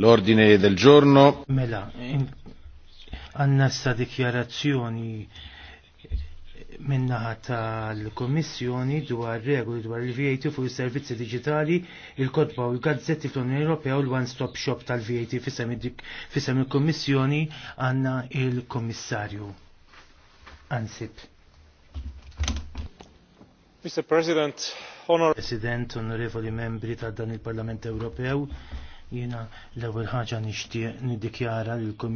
L-ordine del giorno. Mela, għanna sta dikjarazzjoni minnaħa tal-Komissjoni dwar regoli dwar il-VAT fuq il servizzi digitali, il-kodba u l-gazzetti fl-Unjoni Ewropea u l-one-stop shop tal-VAT fissem il-Komissjoni għanna il-Komissarju. Ansip. Mr. President, Honor... President, onorevoli membri ta' dan il-Parlament Ewropew, Jiena l-ewwel ħaġa nixtieq niddikjara lilkom